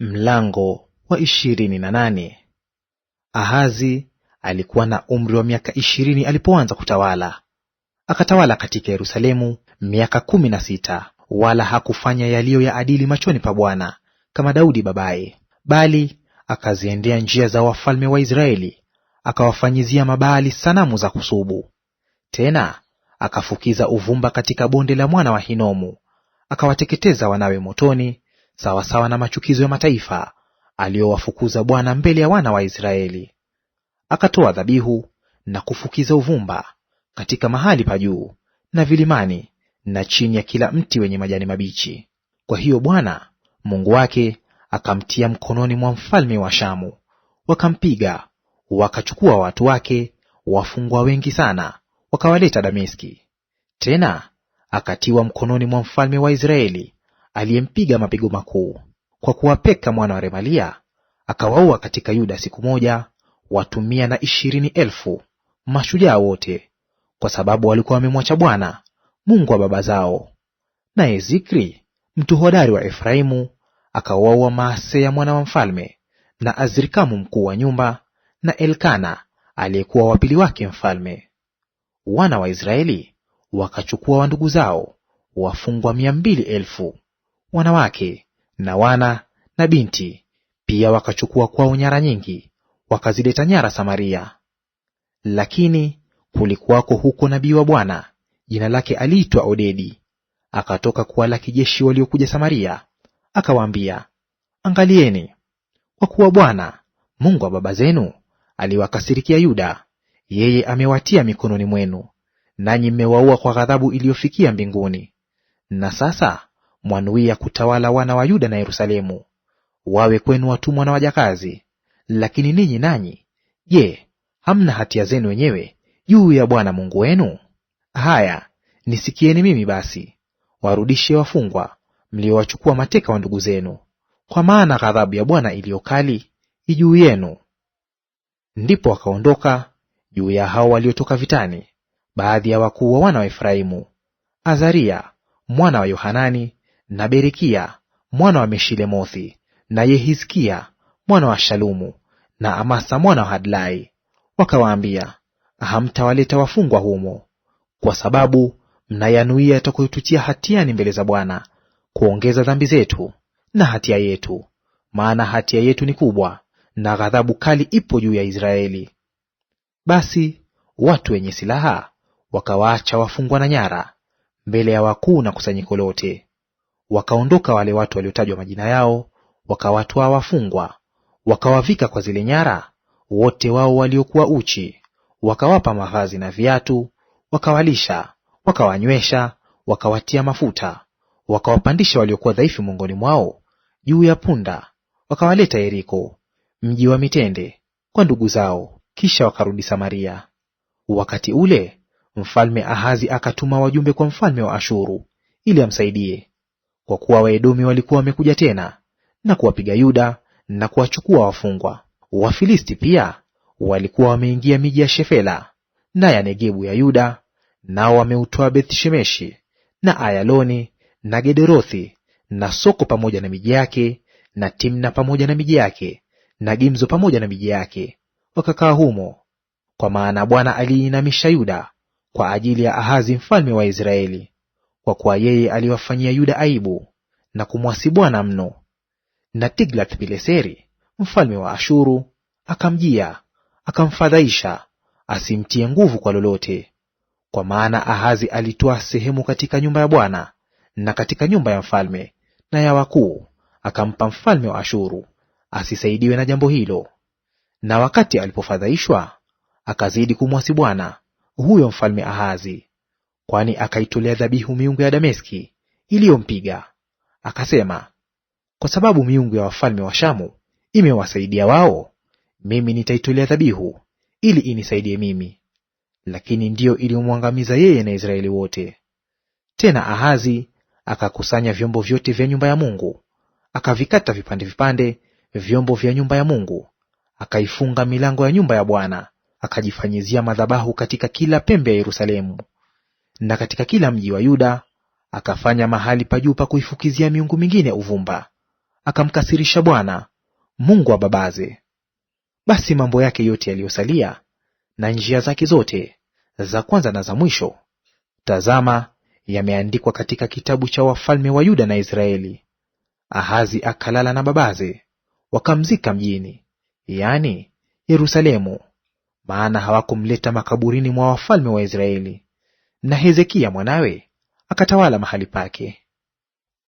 Mlango wa ishirini na nane. Ahazi alikuwa na umri wa miaka ishirini alipoanza kutawala, akatawala katika Yerusalemu miaka kumi na sita. Wala hakufanya yaliyo ya adili machoni pa Bwana kama Daudi babaye, bali akaziendea njia za wafalme wa Israeli, akawafanyizia mabaali sanamu za kusubu. Tena akafukiza uvumba katika bonde la mwana wa Hinomu, akawateketeza wanawe motoni sawasawa na machukizo ya mataifa aliyowafukuza Bwana mbele ya wana wa Israeli. Akatoa dhabihu na kufukiza uvumba katika mahali pa juu na vilimani na chini ya kila mti wenye majani mabichi. Kwa hiyo Bwana Mungu wake akamtia mkononi mwa mfalme wa Shamu, wakampiga wakachukua watu wake wafungwa wengi sana, wakawaleta Dameski. Tena akatiwa mkononi mwa mfalme wa Israeli aliyempiga mapigo makuu, kwa kuwa Peka mwana wa Remalia akawaua katika Yuda siku moja watu mia na ishirini elfu mashujaa wote, kwa sababu walikuwa wamemwacha Bwana Mungu wa baba zao. Naye Zikri mtu hodari wa Efraimu akawaua Maaseya mwana wa mfalme na Azrikamu mkuu wa nyumba na Elkana aliyekuwa wapili wake mfalme. Wana wa Israeli wakachukua wa ndugu zao wafungwa mia mbili elfu wanawake na wana na binti; pia wakachukua kwao nyara nyingi, wakazileta nyara Samaria. Lakini kulikuwako huko nabii wa Bwana, jina lake aliitwa Odedi, akatoka kuwalaki jeshi waliokuja Samaria, akawaambia, Angalieni, kwa kuwa Bwana Mungu wa baba zenu aliwakasirikia Yuda, yeye amewatia mikononi mwenu, nanyi mmewaua kwa ghadhabu iliyofikia mbinguni. Na sasa mwanuia kutawala wana wa Yuda na Yerusalemu, wawe kwenu watumwa na wajakazi. Lakini ninyi nanyi, je, hamna hatia zenu wenyewe juu ya Bwana Mungu wenu? Haya, nisikieni mimi basi. Warudishe wafungwa mliowachukua mateka wa ndugu zenu, kwa maana ghadhabu ya Bwana iliyo kali juu yenu. Ndipo wakaondoka juu ya hao waliotoka vitani, baadhi ya wakuu wa wana wa Efraimu, Azaria mwana wa Yohanani na Berekia mwana wa Meshilemothi, na Yehizkia mwana wa Shalumu, na Amasa mwana wa Hadlai. Wakawaambia, hamtawaleta wafungwa humo, kwa sababu mnayanuia yatakayotutia hatiani mbele za Bwana, kuongeza dhambi zetu na hatia yetu, maana hatia yetu ni kubwa, na ghadhabu kali ipo juu ya Israeli. Basi watu wenye silaha wakawaacha wafungwa na nyara mbele ya wakuu na kusanyiko lote. Wakaondoka wale watu waliotajwa majina yao, wakawatwa wafungwa, wakawavika kwa zile nyara wote wao waliokuwa uchi, wakawapa mavazi na viatu, wakawalisha, wakawanywesha, wakawatia mafuta, wakawapandisha waliokuwa dhaifu miongoni mwao juu ya punda, wakawaleta Yeriko, mji wa mitende, kwa ndugu zao; kisha wakarudi Samaria. Wakati ule mfalme Ahazi akatuma wajumbe kwa mfalme wa Ashuru ili amsaidie, kwa kuwa Waedomi walikuwa wamekuja tena na kuwapiga Yuda na kuwachukua wafungwa. Wafilisti pia walikuwa wameingia miji ya Shefela na ya Negebu ya Yuda, nao wameutoa Beth-Shemeshi na Ayaloni na Gederothi na Soko pamoja na miji yake na Timna pamoja na miji yake na Gimzo pamoja na miji yake, wakakaa humo, kwa maana Bwana aliinamisha Yuda kwa ajili ya Ahazi mfalme wa Israeli kwa kuwa yeye aliwafanyia Yuda aibu na kumwasi Bwana mno. Na Tiglath-Pileseri mfalme wa Ashuru akamjia akamfadhaisha, asimtie nguvu kwa lolote, kwa maana Ahazi alitoa sehemu katika nyumba ya Bwana na katika nyumba ya mfalme na ya wakuu, akampa mfalme wa Ashuru asisaidiwe na jambo hilo. Na wakati alipofadhaishwa, akazidi kumwasi Bwana huyo mfalme Ahazi kwani akaitolea dhabihu miungu ya Dameski iliyompiga. Akasema, kwa sababu miungu ya wafalme wa Shamu imewasaidia wao, mimi nitaitolea dhabihu ili inisaidie mimi. Lakini ndiyo iliyomwangamiza yeye na Israeli wote. Tena Ahazi akakusanya vyombo vyote vya nyumba ya Mungu, akavikata vipande vipande vyombo vya nyumba ya Mungu, akaifunga milango ya nyumba ya Bwana, akajifanyizia madhabahu katika kila pembe ya Yerusalemu na katika kila mji wa Yuda akafanya mahali pa juu pa kuifukizia miungu mingine uvumba, akamkasirisha Bwana Mungu wa babaze. Basi mambo yake yote yaliyosalia na njia zake zote za kwanza na za mwisho, tazama, yameandikwa katika kitabu cha wafalme wa Yuda na Israeli. Ahazi akalala na babaze, wakamzika mjini, yaani Yerusalemu, maana hawakumleta makaburini mwa wafalme wa Israeli na Hezekia mwanawe akatawala mahali pake.